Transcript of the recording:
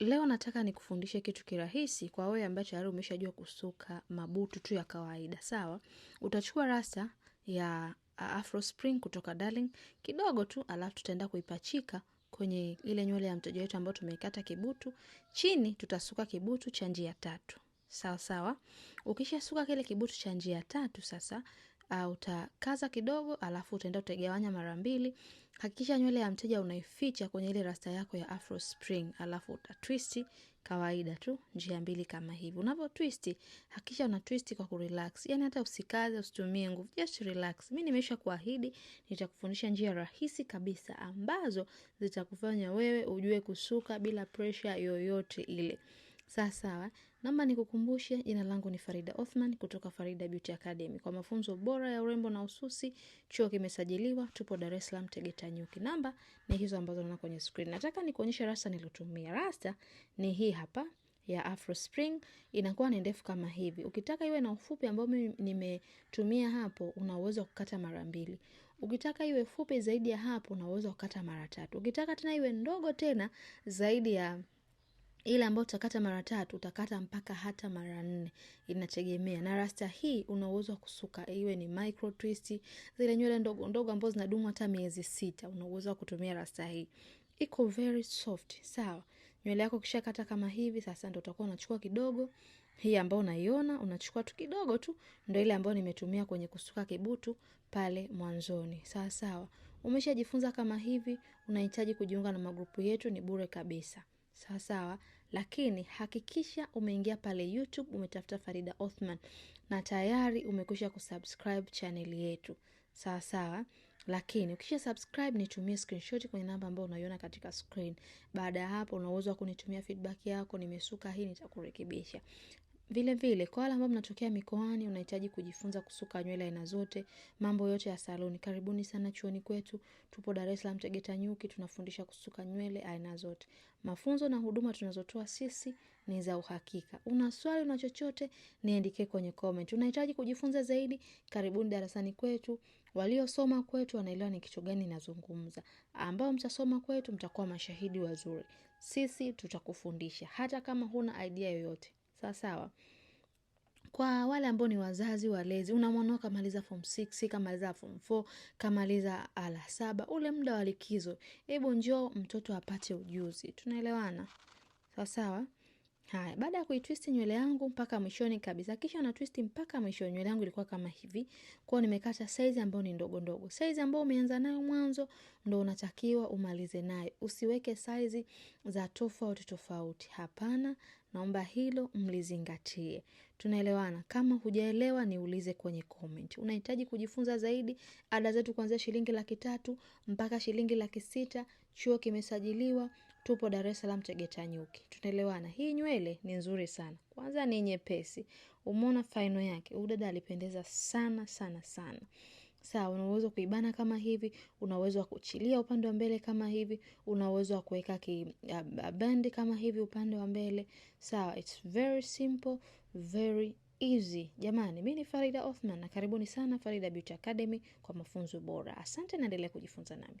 Leo nataka nikufundishe kitu kirahisi kwa wewe ambaye tayari umeshajua kusuka mabutu tu ya kawaida, sawa? Utachukua rasta ya Afro Spring kutoka Darling kidogo tu, alafu tutaenda kuipachika kwenye ile nywele ya mteja wetu ambayo tumeikata kibutu chini. Tutasuka kibutu cha njia tatu, sawa sawa. Ukishasuka kile kibutu cha njia tatu, sasa uh, utakaza kidogo, alafu utaenda utagawanya mara mbili. Hakikisha nywele ya mteja unaificha kwenye ile rasta yako ya afro spring, alafu twist kawaida tu, njia mbili kama hivi. Unavyo twist, hakikisha una twist kwa kurelax, yani hata usikaze, usitumie nguvu, just relax. Mimi nimeisha kuahidi nitakufundisha njia rahisi kabisa ambazo zitakufanya wewe ujue kusuka bila pressure yoyote ile. Sawa sawa, naomba nikukumbushe, jina langu ni Farida Othman kutoka Farida Beauty Academy. Kwa mafunzo bora ya urembo na ususi, chuo kimesajiliwa, tupo Dar es Salaam, Tegeta Nyuki. Namba ni hizo ambazo naona kwenye screen. Nataka nikuonyeshe rasta nilotumia. Rasta ni hii hapa ya Afro Spring inakuwa ni ndefu kama hivi. Ukitaka iwe na ufupi ambao mimi nimetumia hapo, una uwezo kukata mara mbili. Ukitaka iwe fupi zaidi ya hapo, una uwezo kukata mara tatu. Ukitaka tena iwe ndogo tena zaidi ya ile ambayo utakata mara tatu utakata mpaka hata mara nne, inategemea. Na rasta hii una uwezo wa kusuka iwe ni micro twist, zile nywele ndogo ndogo ambazo zinadumu hata miezi sita, una uwezo wa kutumia rasta hii, iko very soft. Sawa, nywele yako kisha kata kama hivi, sasa ndio utakuwa unachukua kidogo hii ambayo unaiona unachukua tu kidogo tu, ndio ile ambayo nimetumia kwenye kusuka kibutu pale mwanzoni. Sawa sawa, umeshajifunza kama hivi. Unahitaji kujiunga na magrupu yetu, ni bure kabisa sawasawa, lakini hakikisha umeingia pale YouTube umetafuta Farida Othman na tayari umekwisha kusubscribe channel yetu sawasawa. Lakini ukisha subscribe nitumie screenshot kwenye namba ambayo unaiona katika screen. Baada ya hapo, una wa kunitumia feedback yako, nimesuka hii, nitakurekebisha. Vile vile kwa wale ambao mnatokea mikoani, unahitaji kujifunza kusuka nywele aina zote, mambo yote ya saloni, karibuni sana chuoni kwetu. Tupo Dar es Salaam Tegeta Nyuki, tunafundisha kusuka nywele aina zote. Mafunzo na huduma tunazotoa sisi ni za uhakika. Una swali na chochote, niandikie kwenye comment. Unahitaji kujifunza zaidi, karibuni darasani kwetu. Waliosoma kwetu wanaelewa ni kitu gani nazungumza, ambao mtasoma kwetu mtakuwa mashahidi wazuri. Sisi tutakufundisha hata kama huna idea yoyote. Sawa sawa. Kwa wale ambao ni wazazi walezi, una mwanao kamaliza form 6, kamaliza form 4, kamaliza ala saba, ule muda wa likizo, hebu njoo mtoto apate ujuzi. Tunaelewana sawa sawa. Haya, baada ya kuitwist nywele yangu mpaka mwishoni kabisa, kisha na twist mpaka mwishoni Nywele yangu ilikuwa kama hivi, kwao nimekata saizi ambayo ni ndogo ndogo. Saizi ambayo umeanza nayo mwanzo ndo unatakiwa umalize nayo, usiweke saizi za tofauti tofauti. Hapana, Naomba hilo mlizingatie. Tunaelewana? Kama hujaelewa niulize kwenye comment. Unahitaji kujifunza zaidi? Ada zetu kuanzia shilingi laki tatu mpaka shilingi laki sita. Chuo kimesajiliwa, tupo Dar es Salaam Tegeta Nyuki. Tunaelewana? Hii nywele ni nzuri sana, kwanza ni nyepesi. Umeona faino yake, udada alipendeza sana sana sana sawa, una uwezo kuibana kama hivi, una uwezo wa kuchilia upande wa mbele kama hivi, una uwezo wa kuweka bandi kama hivi upande wa mbele sawa. It's very simple, very easy. Jamani, mi ni Farida Othman na karibuni sana Farida Beauty Academy kwa mafunzo bora. Asante, naendelea kujifunza nami.